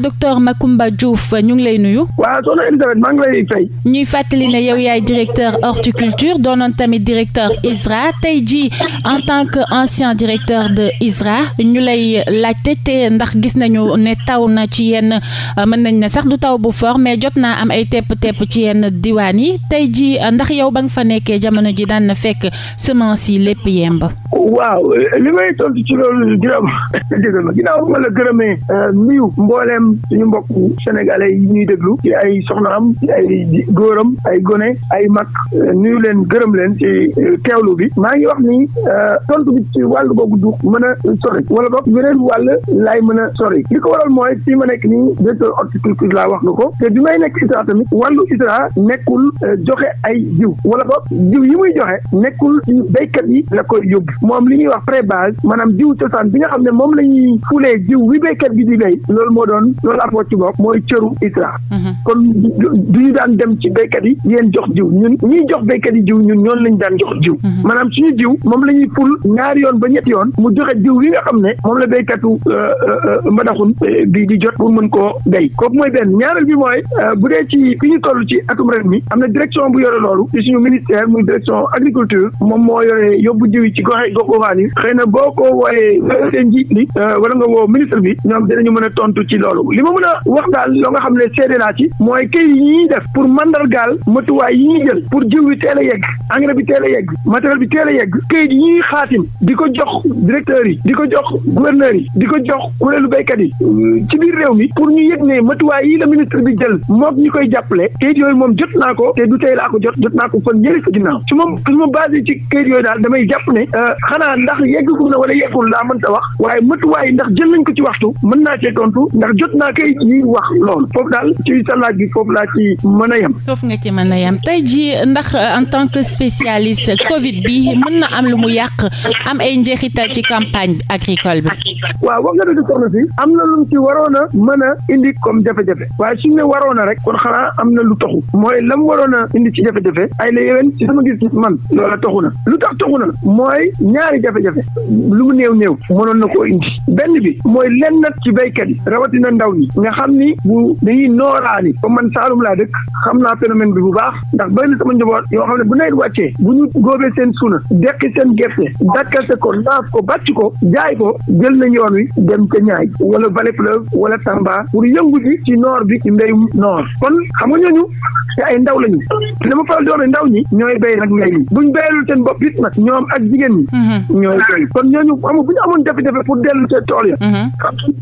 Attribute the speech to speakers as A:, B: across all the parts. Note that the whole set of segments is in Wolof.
A: docteur Macoumba Diouf ñu ngi lay nuyu. waaw soxna internet maa ngi lay fay. ñuy fàttali ne yow yaay directeur horticulture doonoon tamit directeur ISRA tey jii en tant que ancien directeur de ISRA ñu lay laajte te ndax gis nañu ne taw na ci yenn euh, mën nañ ne sax du taw bu fort jot naa am ay tepp-tepp ci yenn diwaan yi tey jii ndax yow ba nga fa nekkee jamono ji daan na fekk semence yi lépp yemb.
B: mboolem ñu mbokk sénégalais yi ñuy déglu ci ay soxnaam ci ay góoram ay gone ay mag euh, nuyu leen gërëm leen ci euh, teewlu bi maa ngi wax ni euh, tontu bi ci wàllu googu du mën a sori wala boog beneen wàll laay mën a sori li ko waral mooy fii ma nekk nii directeur horticulture laa wax nga ko te bi may nekk ISRA tamit wàllu ISRA nekkul joxe ay jiw wala boog jiw yi muy joxe nekkul ci yi la koy yóbbu moom li ñuy wax pré base maanaam jiw cosaan bi nga xam ne moom la ñuy fulee jiw wi béykat bi di kon loolu ak ci bokk mooy cëru ISRA. Mhm. kon du ñu daan dem ci béykat yi yéen jox jiw ñun ñuy jox béykat yi jiw ñun ñoon lañu daan jox jiw mhm. maanaam suñu jiw moom la ñuy ful ñaari yoon ba ñetti yoon mu joxe jiw yi nga xam ne moom la béykatu euh, euh, euh, mbadaxun bi di jot pour mën koo béy kooku mooy benn ñaareel bi mooy bu dee ci fi ñu toll ci atum ren mi am na direction bu yore loolu ci suñu ministère muy direction agriculture moom moo yore yóbbu jiw yi ci goxe gox yi xëy na boo ko wooyee seen njiit wala nga woo ministre bi ñoom dinañu mën a tontu ci loolu loolu li ma mën a wax daal loo nga xam ne seede naa ci mooy kay yi ñuy def pour mandargaal matuwaay yi ñuy jël pour jiw bi teel a yegg engrais bi teel a yegg matériel bi teel a yegg kayit yi ñuy xaatim di ko jox directeurs yi di ko jox gouverneurs yi di ko jox kuréelu béykat yi ci biir réew mi pour ñu yëg ne matuwaay yi la ministre bi jël moom ñu koy jàppale kayit yooyu moom jot naa ko te du tey laa ko jot jot naa ko fan yële ko ginnaaw su ma ma basé ci kayit yooyu daal damay jàpp ne euh, xanaa ndax yeggagum na wala yeggul laa mënta wax waaye matuwaay yi ndax jël nañ ko ci waxtu mën naa cee tontu naa kay ñuy wax lool foofu daal ci sa laaj bi foofu laa ci mën a yem.
A: foofu nga ci mën a yem tey jii ndax euh, en tant que spécialiste Covid bi mën na am lu mu yàq am ay njeexital ci campagne agricole bi.
B: waaw wax nga dëgg soxna si am na lu ci waroon a mën a indi comme jafe-jafe waaye suñu ne waroon a rek kon xanaa am na lu taxu mooy lam waroon a indi ci jafe-jafe ay la ci sama gis-gis man loola taxu na lu tax taxu na mooy ñaari jafe-jafe lu mu néew néew mënoon na ndaw ñi nga xam ni bu dañuy nooraani comme man Saalum laa dëkk xam naa phénomène bi bu baax ndax bëri na sama njaboot yoo xam ne bu nawet wàccee bu ñu góobee seen suuna deqi seen gerte dakkalte ko laaf ko bàcc ko ko jël nañ yoon wi dem ca ñaay wala Vallée Fleuve wala Tamba pour yëngu ji ci noor bi ci mbéyum noor kon xam nga ñooñu te ay ndaw lañu te dama faral di wax ne ñi ñooy béy nag mbéy mi buñ béyalul seen bopp it nag ñoom ak jigéen ñi mm-hmm. ñooy béy kon ñooñu amul bu ñu amoon jafe-jafe pour dellu seen tool ya mm-hmm.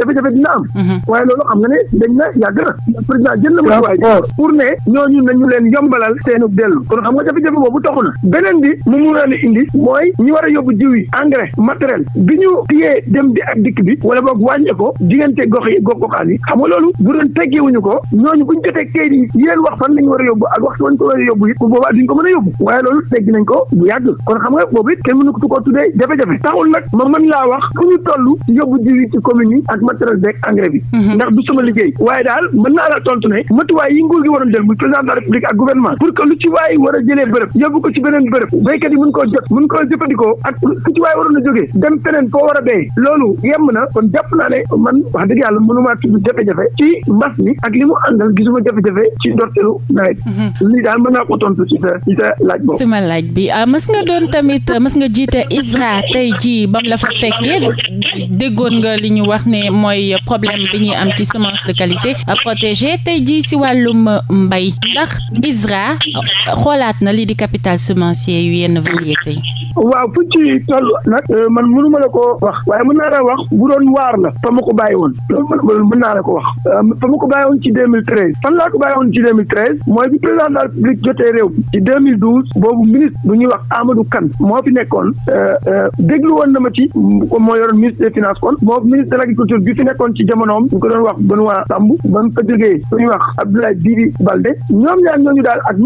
B: jafe-jafe dina am mm-hmm. waaye loolu xam nga ne dañ na yàgg na président jël na matuwaay pour ne ñooñu nañu leen yombalal seenub dellu kon xam nga jafe-jafe boobu taxu na beneen bi mu mun a indi mooy ñu war a yóbbu jiw yi engrais matériel bi ñu téyee dem di ak dikk bi wala boog wàññe ko diggante gox yi gox goxaan xam nga loolu bu doon teggiwuñu ko ñooñu buñ jotee kayit yi yéen wax fan lañu war a yóbbu ak waxtu wañ ko war a yóbbu it bu boobaa duñ ko mën a yóbbu waaye loolu teggi nañ ko bu yàgg kon xam nga boobu it kenn mënu ko koo tuddee jafe-jafe taxul nag ma mën laa wax fu ñu tollu yóbbu jiw yi ci yi ak matériel beeg engrais bi mhm. ndax du sama liggéey waaye daal mën naa la tontu ne matuwaay yi nguur gi waroon jël muy président de la république ak gouvernement pour que lu ci waay war a jëlee bërëb yóbbu ko ci beneen bërëb béykat yi mun koo jot mun koo jëfandikoo ak ku ci waay waroon a jógee dem feneen foo war a béy loolu yemm na kon jàpp naa ne man wax dëgg yàlla mënu maa tudd jafe-jafe ci mbas mi ak li mu àndal gisuma jafe-jafe ci ndorteelu nawet mhm. lii daal mën naa ko tontu ci sa ci sa laaj boobu sama
A: laaj bi ah, mas nga doon tamit mas nga jiite ISRA tey ji bam la fa fekkee déggoon nga li ñu wax ne mooy problème bi am ci semence de qualité protégée tey jii si wàllum mbay ndax ISRA xoolaat na lii di capital semencier yu yenn variétés yi
B: waaw fu ci toll nag euh, man mënu ma la ko wax waaye mun naa la wax bu doon waar la fa ma ko bàyyi woon loolu mën naa la ko wax euh, fa ma ko bàyyi woon ci 2013 fan laa ko bàyyi woon ci 2013 mooy bi président de la république jotee réew ci 2012 boobu ministre bu ñuy wax Amadou Kane moo fi nekkoon euh, déglu woon na ma ci comme moo yoroon ministre des finances kon moo ministre de agriculture bi fi nekkoon ci jamonoom ñu ko doon wax Benoît Sambou ba mu fa jógee bu ñuy wax Abdoulaye Bibi Baldé ñoom ñaar ñooñu daal ak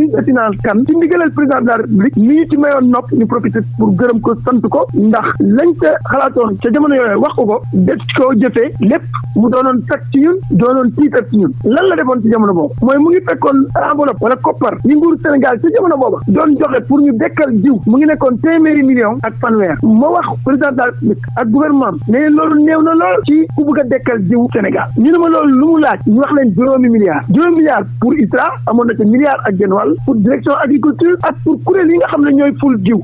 B: nopp ñu pour gërëm ko sant ko ndax lañ ca xalaatoon ca jamono yooyu wax ko ko def koo jëfee lépp mu doonoon fekk ci ñun doonoon tiit ak ñun lan la defoon ci jamono boobu mooy mu ngi fekkoon enveloppe wala koppar yi nguur Sénégal ca jamono booba doon joxe pour ñu dekkal jiw mu ngi nekkoon téeméeri million ak fanweer ma wax président de la République ak gouvernement ne loolu néew na lool ci ku bëgg a dekkal jiw Sénégal ñu ne ma loolu lu mu laaj ñu wax leen juróomi milliards juróomi milliards pour ISRA na ca ak genn wàll pour direction agriculture ak yi nga xam ne ñooy ful jiw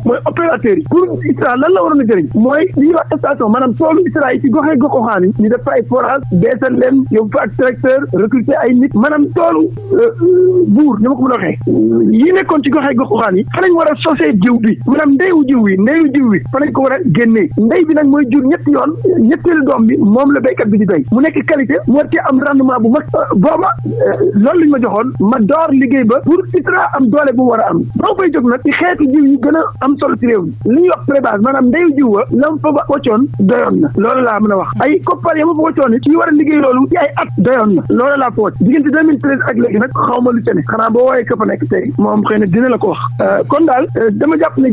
B: jëriñ pour ISRA lan la waroon a jëriñ mooy li ñuy wax station maanaam toolu ISRA yi ci goxee goxoxaan yi ñu def fa ay forage beesal leen yóbbu fa ak tracteur recruter ay nit maanaam toolu euh, buur ñu ma ko mën a nekkoon ci goxee goxoxaan yi fa lañ war a sosee jiw bi maanaam ndeyu jiw wi ndeyu jiw wi fa lañ ko war a génnee ndey bi nag mooy jur ñetti yoon ñetteelu doom bi moom la béykat bi di béy mu nekk qualité mu war cee am rendement bu mag booba euh, loolu lañ ma joxoon ma door liggéey ba pour ISRA am doole bu war a am boo fay jóg nag i xeetu jiw yi gën a am solo ci réew woon li ñuy wax prébase maanaam ndeyu jiw wa lam fa waccoon doyoon na loolu laa mën a wax ay koppar ya ma fa waccoon it ci war a liggéey loolu ci ay at doyoon na loolu laa fa wacc diggante 2013 ak léegi nag xaw ma lu ca ne xanaa boo woowee ka fa nekk tey moom xëy na dina la ko wax euh, kon daal euh, dama jàpp li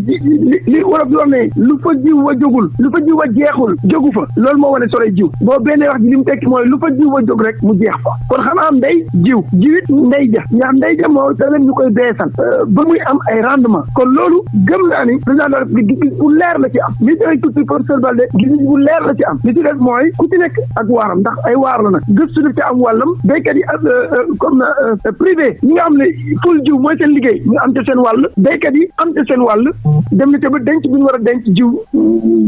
B: li wolof ne lu fa jiw wa jógul lu fa jiw wa jeexul jógu fa loolu moo wane sore jiw boo benn wax ji li mu tekki mooy lu fa jiw wa mu jeex fa kon xanaa am ndey jiw jiwit ndey ja ndax ndey ja moo da euh, ay rendement kon loolu gëm naa ni président Dakar bi gis leer la ci am li ci gis bu leer la ci am li ci def mooy ku ci nekk ak waaram ndax ay waar la nag gëstu na ci am wàllam béykat yi ak euh, euh, comme na euh, privé ñi nga xam ne ful jiw mooy seen liggéey am ca seen wàll béykat yi am ca seen wàll dem na ca ba denc bi ñu war a denc jiw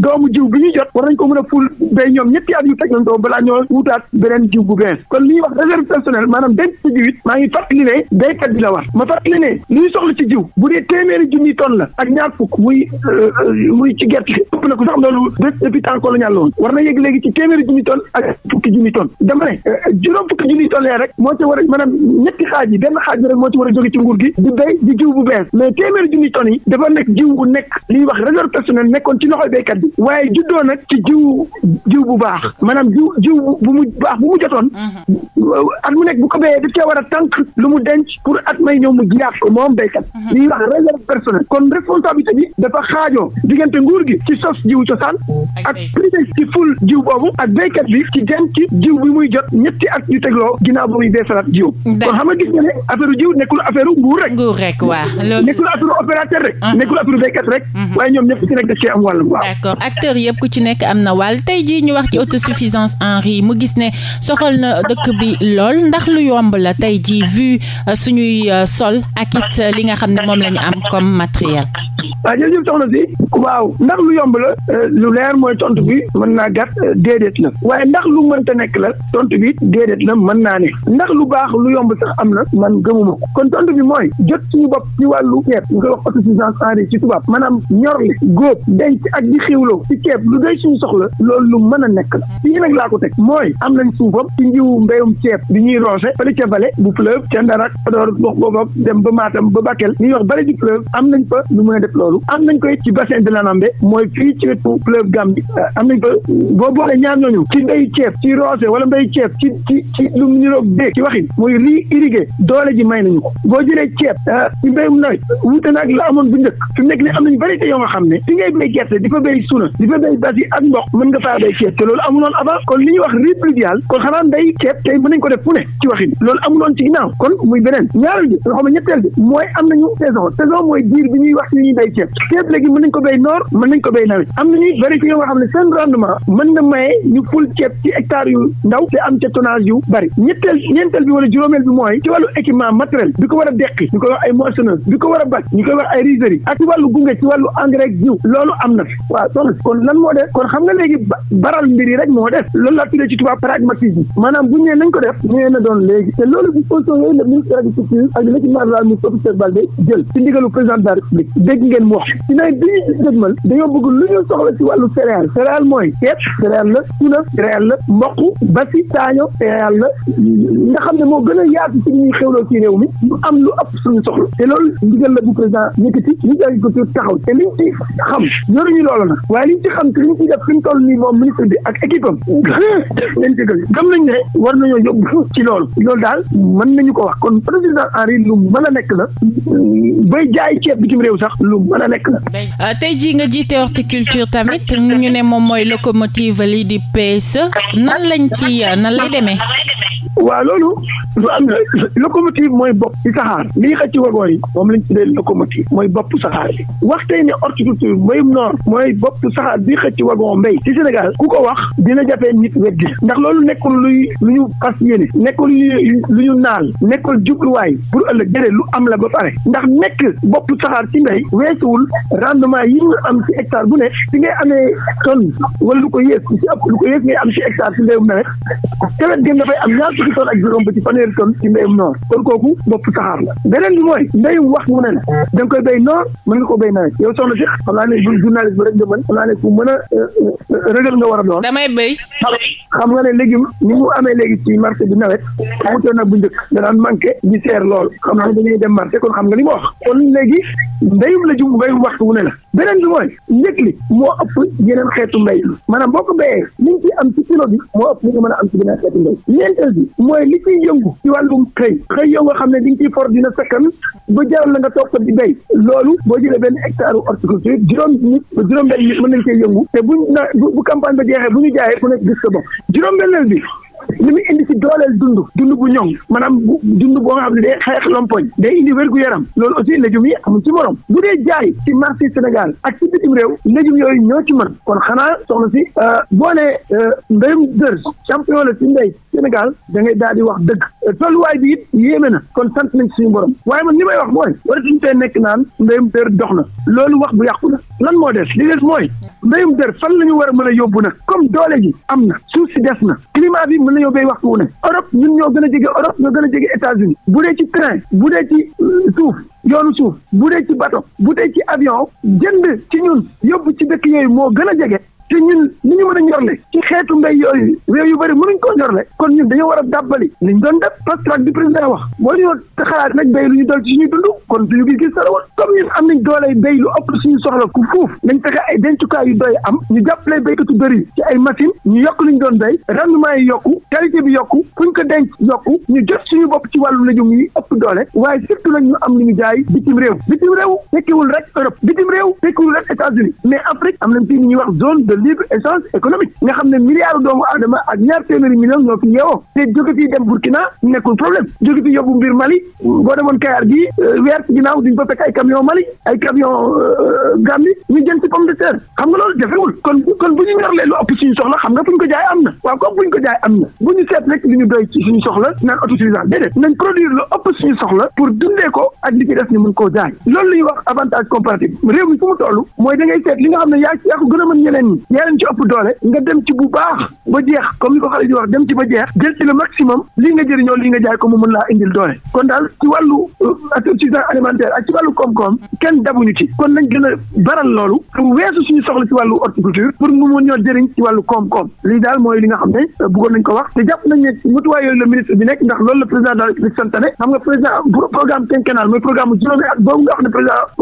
B: doomu jiw bi ñu jot war nañ ko mën a ful béy ñoom ñetti at yu teg nañ ko balaa ñoo wutaat beneen jiw bu bees kon li ñuy wax réserve personnelle maanaam denc sa jiw it maa ngi fàttali ne béykat bi la war ma fàttali ne li ñu soxla ci jiw bu dee téeméeri junni tonne la ak ñaar fukk muy Euh, muy ci gerte ëpp na ko sax loolu depuis temps colonial la woon war na yegg léegi ci téeméeri junni tonne ak fukki junni tonne dama ne euh, juróom fukki junni tonne rek moo ci war a maanaam ñetti xaaj yi benn xaaj bi rek moo ci war nguur gi di béy di jiw bu bees mais téeméeri junni yi dafa nekk jiw bu nekk li wax réserve personnelle mu baax bu mu jotoon mm-hmm. at mu nekk bu ko béyee daf cee war a lu mu denc pour at may ñëw mu jiyaat ko moom béykat mm-hmm. li ñuy wax réserve personnelle kon responsabilité bi dafa xaajoo diggante nguur gi ci sos jiw cosaan ak privé ci ful jiw boobu ak béykat bi ci dem ci jiw bi muy jot ñetti ak yu tegloo ginnaaw ba muy beesalaat jiw kon xam nga gis nga ne affaire jiw nekkul affaire nguur rek nguur rek opérateur rek uh-huh. nekkul affaire béykat rek uh-huh. waaye ñoom ñëpp ku ci nekk daf cee am wàll waaw
A: d'accord acteurs yëpp ku ci nekk am na wàll tey jii ñu wax ci autosuffisance en riz mu gis ne soxal na dëkk bi lool ndax lu yomb la tey jii vu euh, suñuy euh, sol ak it euh, li nga xam ne moom lañu am comme matériel
B: si waaw ndax lu yomb la euh, lu leer mooy tont bi mën naa gàtt euh, déedéet la waaye ndax lu mënta nekk la tont bi déedéet la mën naa ne ndax lu baax lu yomb sax am na man gëmuma ko kon tontu bi mooy jot suñu bopp ci wàllu ceeb ñu koy wax autosuffisance en riz ci tubaab maanaam ñor li góob denc ak di xiwloo ci ceeb lu doy suñu soxla loolu lu mën a nekk la fii nag laa ko teg mooy am nañ suufam ci njiwu mbéyum ceeb bi ñuy roose fële ca vale bu fleuve ca Ndarak Podor wax boobu dem ba ba Bakel ñuy wax vale am nañ fa lu mën a def loolu ci bassin de Lanambe mooy fii ci wetu fleuve Gambie euh, am nañ boo boole ñaar ñooñu ci mbéy ceeb ci roose wala mbéy ceeb ci ci lu mu niroog dee ci waxin mooy riz irrigué doole ji may nañu ko boo jëlee ceeb euh, ci mbéyum nawet wuute naag la amoon bu njëkk fi mu nekk ne am nañu variété yoo nga xam ne fi ngay béy gerte di fa béy suuna di fa béy basi ak mboq mën nga faa béy ceeb te loolu amuloon avant kon li ñuy wax riz pluvial kon xanaa mbéy ceeb tey mën nañ ko def fu ne ci waxin loolu amuloon ci ginnaaw kon muy beneen ñaareel bi loo ñetteel bi mooy am nañu saison saison mooy diir bi ñuy wax ci ñuy béy ceeb gi mën nañ ko béy noor mën nañ ko béy nawet am na ñuy variété yoo nga xam ne seen rendement mën na maye ñu ful ceeb ci hectare yu ndaw te am ca tonnage yu bari ñetteel ñeenteel bi wala juróomeel bi mooy ci wàllu équipement matériel bi ko war a deqi ñu koy wax ay moissonneuse bi ko war a bàcc ñu koy wax ay rizerie ak ci wàllu gunge ci wàllu engrais jiw loolu am na fi waaw soxna kon lan moo kon xam nga léegi baral mbir yi rek moo def loolu laa tuddee ci tubaab pragmatisme maanaam bu ñee bi ñuy gis dañoo bëgg lu ñu soxla ci wàllu céréale céréale mooy ceeb céréale na tuna céréale na mboq basi taaño céréale la nga xam ne moo gën a yaatu ci ñuy xewloo ci réew mi ñu am lu ëpp suñu soxla te loolu ndigal la bu président yëkkati ñu agriculture taxaw te liñ ci xam yoruñu loolu nag waaye liñ ci xam te liñ ci def fi ñu nii moom ministre bi ak équipe am leen jëgal gëm nañ ne war nañoo ci loolu loolu daal mën nañu ko wax kon président Henri lu mën a nekk la bay jaay
A: ceeb bitim réew sax lu mën a nekk la Euh, tey jii nga jiite horticulture tamit ñu ne moom mooy locomotive lii di PSE nan lañ ci nan lay demee.
B: waaw loolu lu am la locomotive mooy bopp ci saxaar lii xëcc ci wagoor yi moom lañ tuddee locomotive mooy bopp saxaar bi wax tey ne horticulture mbayum noor mooy bopp saxaar bii xëcc ci wagon mbay ci Sénégal ku ko wax dina jafee nit weddi ndax loolu nekkul luy lu ñu fas yéene nekkul lu ñu naan nekkul jubluwaay pour ëllëg jëre lu am la ba pare ndax nekk bopp saxaar ci mbay weesuwul rendement yi ñu am ci hectare bu ne li ngay amee tonne wala lu ko yées ci ëpp lu ko yées ngay am ci hectare ci mbéyum nawet tewet gën dafay am fukki tonne ak juróom ba ci fanweeri tonne ci mbéyum noor kon kooku bopp saxaar la beneen bi mooy mbéyum wax mu ne la da koy béy noor mën ko béy nawet yow soxna si xam naa ne journaliste bi rek nga mën xam naa ne ku mën a euh, euh, nga war a doon
A: damay béy xam
B: nga ne légume ni mu amee léegi ci marché bi nawet wutee nag bu njëkk da daan manqué di seer lool xam naa ne dañuy dem marché kon xam nga li ma wax kon léegi mbéyum la jum mbéyum waxtu wu ne la beneen bi mooy njëkk li moo ëpp yeneen xeetu mbéy maanaam boo ko béyee liñ ci am ci kilo bi moo ëpp li a bi mooy li ciy yëngu ci wàllum xëy xëy yoo xam ne di nga ciy for dina sakkan ba jaral la nga toog ko di béy loolu boo jëlee benn hectare horticulture juróom nit juróom benn nit mën nañ cee yëngu te buñ na bu campagne ba jeexee bu ñu jaayee ku nekk sa bopp juróom benneel bi indi ci dooleel dund dund bu ñoŋ maanaam dund boo xam ne day xeex lompoñ day indi wérgu yaram loolu aussi légumes yi amul ci morom bu dee jaay si marché Sénégal ak ci bitim réew légumes yooyu ñoo ci mën kon xanaa soxna si euh, boo nee euh, mbéyum dër champion la ci Sénégal da ngay daal di wax dëgg tolluwaay bi it yéeme na kon sant nañ suñu borom waaye man li may wax mooy waratuñu tey nekk naan mbéyum dër dox na loolu wax bu yàqu la lan moo des li des mooy mbéyum dër fan la ñu war a mën a yóbbu nag comme doole ji am na suuf si des na climat bi mën na yóbbee waxtu wu ne Europe ñun ñoo gën a jege Europe ñoo gën a jege États-Unis bu dee ci train bu dee ci euh, suuf yoonu suuf bu dee ci bato bu dee ci avion jënd ci ñun yóbbu ci dëkk yooyu moo gën a jege te ñun ni ñu mën a ñorle ci xeetu mbéy yooyu réew yu bëri mënuñ koo ñorle kon ñun dañoo war a dàbbali niñ doon def parce que di président wax boo ñu te xalaat nag béy lu ñu dal ci suñuy dund kon suñu gis-gis dara woon comme am yu doy am ñu jàppale béykatu bëri ci ay machine ñu yokk li ñu doon béy rendement yi yokku qualité bi yokku fuñ ko denc yokku ñu jot suñu bopp ci wàllu légumes yi ëpp doole waaye surtout nag ñu am li ñu jaay bitim réew bitim réew tekkiwul rek libre échange économique nga xam ne milliards doomu aadama ak ñaar téeméeri millions ñoo fi yeewoo te jóge fii dem Burkina nekkul problème jóge fi yóbbu mbir Mali boo demoon Kayar gi euh, weer ci ginnaaw duñ fa fekk ay camion Mali ay camion euh, Gambie ñu jël ci pomme de terre xam nga loolu jafewul kon kon bu ñu ñorlee lu fu ñu ko jaay am na waaw comme bu ñu ko jaay am na bu ñu seet rek li ñu doy ci suñu soxla naan autosuffisance déedéet nañ produire lu ëpp suñu soxla pour dundee ko ak li ci def ñu mën koo jaay loolu la wax avantage comparatif réew mooy da nga xam ne yaa yaa ko mën ñeneen ñi yaa leen ci ëpp doole nga dem ci bu baax ba jeex comme ni ko xale di wax dem ci ba jeex jël ci le maximum lii nga jëriñoo li nga jaay ko mu mën laa indil doole kon daal ci wàllu euh, autosuffisance alimentaire wàllu koom-koom kenn dabuñu ci kon nañ gën a baral loolu weesu suñu soxla ci wàllu horticulture pour mu mën ñoo jëriñ ci wàllu koom-koom lii daal mooy li nga xam ne euh, bëggoon nañ ko wax te jàpp nañ ne mutuwaay yooyu la ministre bi nekk ndax loolu la président de la république santane xam nga président programme quinquennal mooy programme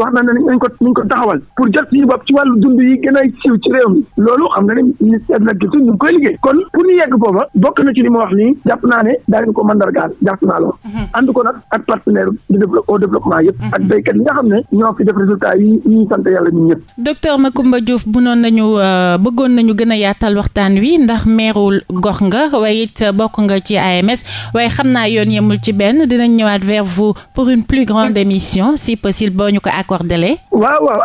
B: wax na ne nañ ko nañ ko taxawal pour jot suñu bopp ci wàllu dund yi gën a siiw réew mi loolu xam nga ne ministère de la ñu ngi koy liggéey kon pour ñu yegg foofa bokk na ci li ma wax nii jàpp naa ne daañu ko mandargaal jàpp naa loolu mhm. ànd ko nag ak partenaire du développement yëpp mhm. ak béykat yi nga xam ne ñoo fi def résultat yi ñuy sant yàlla ñun ñëpp
A: docteur Macoumba Diouf bu noon nañu euh, bëggoon nañu gën a yaatal waxtaan wi ndax meerul gox nga waaye it bokk nga ci AMS waaye xam naa yoon yemul ci benn dinañ ñëwaat vers vous pour une plus grande si possible boo ñu ko accordé
B: waaw waaw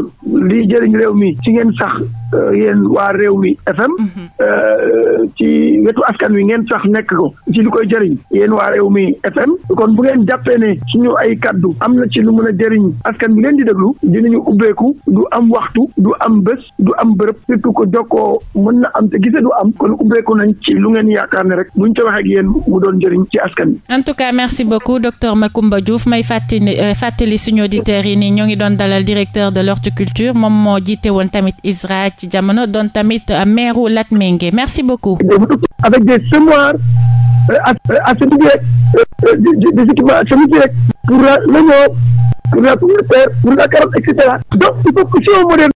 B: ginnaaw liy jëriñ réew mi ci ngeen sax Euh, yéen waa réew mi FM. Mhm. Euh, ci wetu askan wi ngeen sax nekk ko ci lu koy jëriñ yéen waa réew mi FM kon bu ngeen jàppee ne su ñu ay kaddu am na ci lu mën a jëriñ askan bi leen di déglu dinañu ubbeeku du am waxtu du am bés du am bërëb surtout ko jokkoo mën na am te gise du am kon ubbeeku nañ ci lu ngeen yaakaar ne rek buñ ca waxee ak yéen mu doon jëriñ ci askan bi.
A: en tout cas merci beaucoup docteur Macoumba Diouf may fàttali euh, fàttali suñu auditeurs yi nii ñoo ngi doon dalal directeur de l'horticulture moom moo jiite woon tamit ISRA ci jamono doon tamit euh, meeru Latmingué merci beaucoup.
B: avec des semoirs euh, euh, assaini des équipements assaini rek pour l'oignon pour la pomme de terre pour la carotte et cetera donc il faut que si